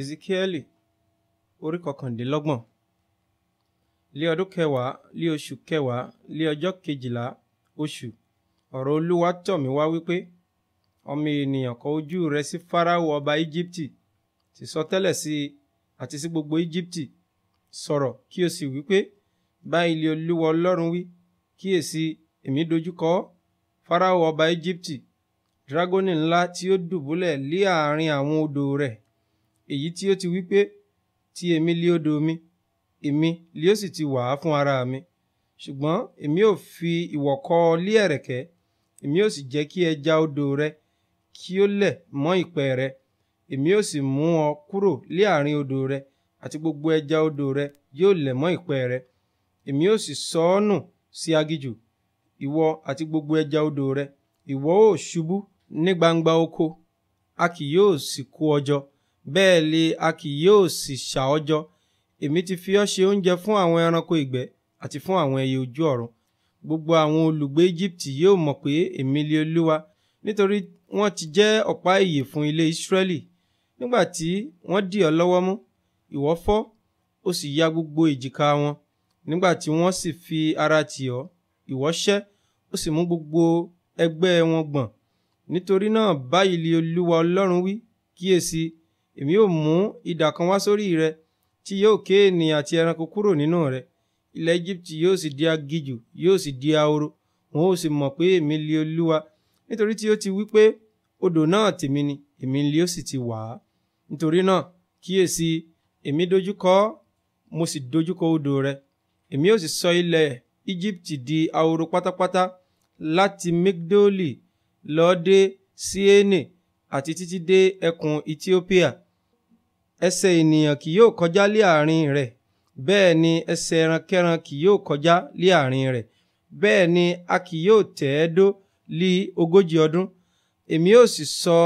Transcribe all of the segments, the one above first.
Ezekiẹ́lì orí kọkàndínlọ́gbọ̀n lé ọdún kẹwàá lé oṣù kẹwàá lé ọjọ́ kejìlá oṣù ọ̀rọ̀ Olúwa tọ̀ mí wá wípé ọmọ ènìyàn kọ ojú rẹ sí Fáráò ọba Íjíbítì sì sọtẹ́lẹ̀ sí i àti sí gbogbo Íjíbítì sọ̀rọ̀ kí o sì wípé báyìí lé Olúwa Ọlọ́run wí kíyèsí èmi dojúkọ Fáráò ọba Íjíbítì dragoni ńlá tí ó dùbúlẹ̀ lé àárín àwọn odò rẹ̀ èyí tí ó ti wí pé tí èmi lé odò mi èmi lé ó sì ti wàá fún ara mi ṣùgbọ́n èmi ò fi ìwọ̀kọ̀ lé ẹ̀rẹ̀kẹ́ èmi ò sì jẹ́ kí ẹja odò rẹ kí ó lẹ̀ mọ́ ìpẹ́ rẹ èmi ò sì mú ọ kúrò lé àárín odò rẹ àti gbogbo ẹja odò rẹ yóò lẹ̀ mọ́ ìpẹ́ rẹ èmi ò sì sọ ọ́ nù sí agijù ìwọ àti gbogbo ẹja odò rẹ ìwọ ò ṣubú ní gbangba oko a kì yóò sì kó ọ bẹ́ẹ̀ lè a kì yóò sì ṣà ọ́ jọ èmi ti fi ọ́ ṣe oúnjẹ fún àwọn ẹranko ìgbẹ́ àti fún àwọn ẹyẹ ojú ọ̀run gbogbo àwọn olùgbé Egypt yóò mọ̀ pé èmi lè olúwa nítorí wọ́n ti jẹ́ ọ̀pá ìyè fún ilé Israẹli nígbà tí wọ́n dì ọ́ lọ́wọ́ mú ìwọ fọ́ ó sì ya gbogbo èjìká wọn nígbà tí wọ́n sì fi ara tì ọ́ ìwọ ṣẹ́ ó sì mú gbogbo ẹgbẹ́ wọn gbọ̀n nítorí náà báyìí lè olúwa ọlọ́run wí kíyèsí èmi yóò mú idà kan wá sórí rẹ tí yóò ké ènìyàn àti ẹranko kúrò nínú rẹ ilẹ̀ Egypt yóò sì di agijù yóò sì di ahoro wọn ó sì mọ̀ pé èmi li olúwa nítorí tí ó ti wí pé odò náà tèmi ni èmi li ó sì ti wà á nítorí náà kíyèsí èmi dojúkọ mo sì dojúkọ odò rẹ èmi ó sì sọ ilẹ̀ Egypt di ahoro pátápátá láti Migdoli lọ dé Siene àti títí dé ẹkùn Ethiopia ẹsẹ̀ ènìyàn kì yóò kọjá lé àárín rẹ̀ bẹ́ẹ̀ ni ẹsẹ̀ ẹrankẹran kì yóò kọjá lé àárín rẹ̀ bẹ́ẹ̀ ni a kì yóò tẹ̀ ẹ́ dó lí ogójì ọdún èmi yóò sì sọ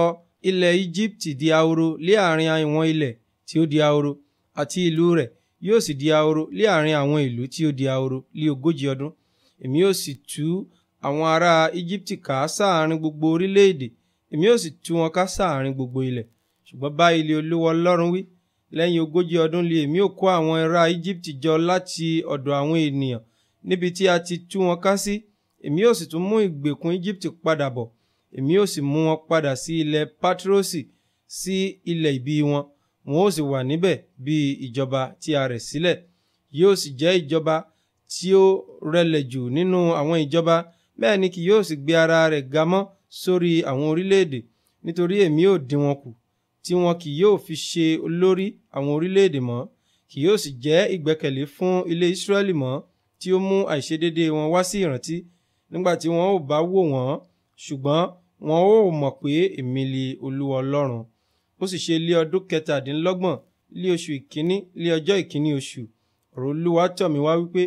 ilẹ̀ íjíbítì di ahoro lé àárín àwọn ilẹ̀ tí ó di ahoro àti ìlú rẹ̀ yóò sì di ahoro lé àárín àwọn ìlú tí ó di ahoro lé ogójì ọdún èmi yóò sì tú àwọn ará íjíbítì ká sáàárín gbogbo orílẹ̀-èdè èmi yóò sì tú wọn ká sáàárín gbogbo ilẹ̀ ṣùgbọ́n báyìí lè olúwa ọlọ́run wí lẹ́yìn ogójì ọdún lè èmi ó kó àwọn ará egypt jọ láti ọ̀dọ̀ àwọn ènìyàn níbi tí a ti tú wọn ká sí èmi ó sì tún mú ìgbèkùn egypt padà bọ̀ èmi ó sì mú wọn padà sí ilẹ̀ patrosi sí ilẹ̀ ìbí wọn wọn ó sì wà níbẹ̀ bí ìjọba tí a rẹ̀ sílẹ̀ yóò sì jẹ́ ìjọba tí ó rẹlẹ̀ jù nínú àwọn ìjọba bẹ́ẹ̀ ni kì yóò sì gbé ara rẹ̀ ga sórí àwọn orílẹ̀-èdè nítorí èmi ó dín wọn kù tí wọn kì yóò fi ṣe olórí àwọn orílẹ̀-èdè mọ́ kì yóò sì jẹ́ ìgbẹ́kẹ̀lé fún ilé Ísírẹ́lì mọ́ tí ó mú àìṣedéédé wọn wá sí ìrántí nígbà tí wọn ò bá wò wọ́n ṣùgbọ́n wọn ò mọ̀ pé èmi li Olúwa Ọlọ́run ó sì ṣe lé ọdún kẹtàdínlọ́gbọ̀n lé oṣù ìkíní lé ọjọ́ ìkíní oṣù ọ̀rọ̀ Olúwa tọ̀ mí wá wípé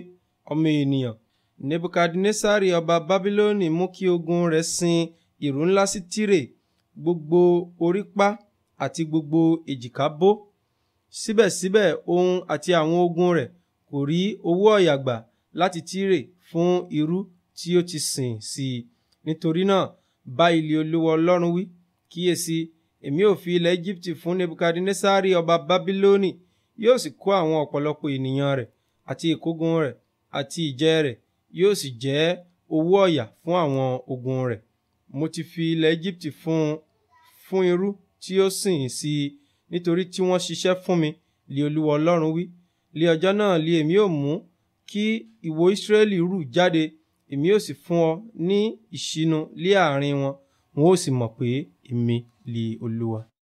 ọmọ ènìyàn Nebukadnesari ọba Bábílónì mú kí ogun rẹ̀ sin ìrú ńlá sí Tírè gbogbo orípa àti gbogbo èjìká bó síbẹ̀síbẹ̀ òun àti àwọn ogun rẹ̀ kò rí owó ọ̀yà gbà láti Tírè fún irú tí ó ti sìn sí i nítorí náà bá ilé Olúwa Ọlọ́run wí kíyèsí èmi ò fi ilẹ̀ Íjíbítì fún Nebukadnesari ọba Bábílónì yóò sì kó àwọn ọ̀pọ̀lọpọ̀ ènìyàn rẹ̀ àti ìkógun rẹ̀ àti ìjẹ rẹ̀ yóò sì jẹ́ owó ọ̀yà fún àwọn ogun rẹ̀ mo ti fi ilẹ̀ Íjíbítì fún fún irú tí ó sìn sí i nítorí tí wọ́n ṣiṣẹ́ fún mi lé olúwa ọlọ́run wí lé ọjọ́ náà lé èmi ó mú kí ìwo ìsírẹ́lì rú jáde èmi ó sì fún ọ ní ìṣínú lé àárín wọn wọn ó sì mọ̀ pé èmi lé olúwa.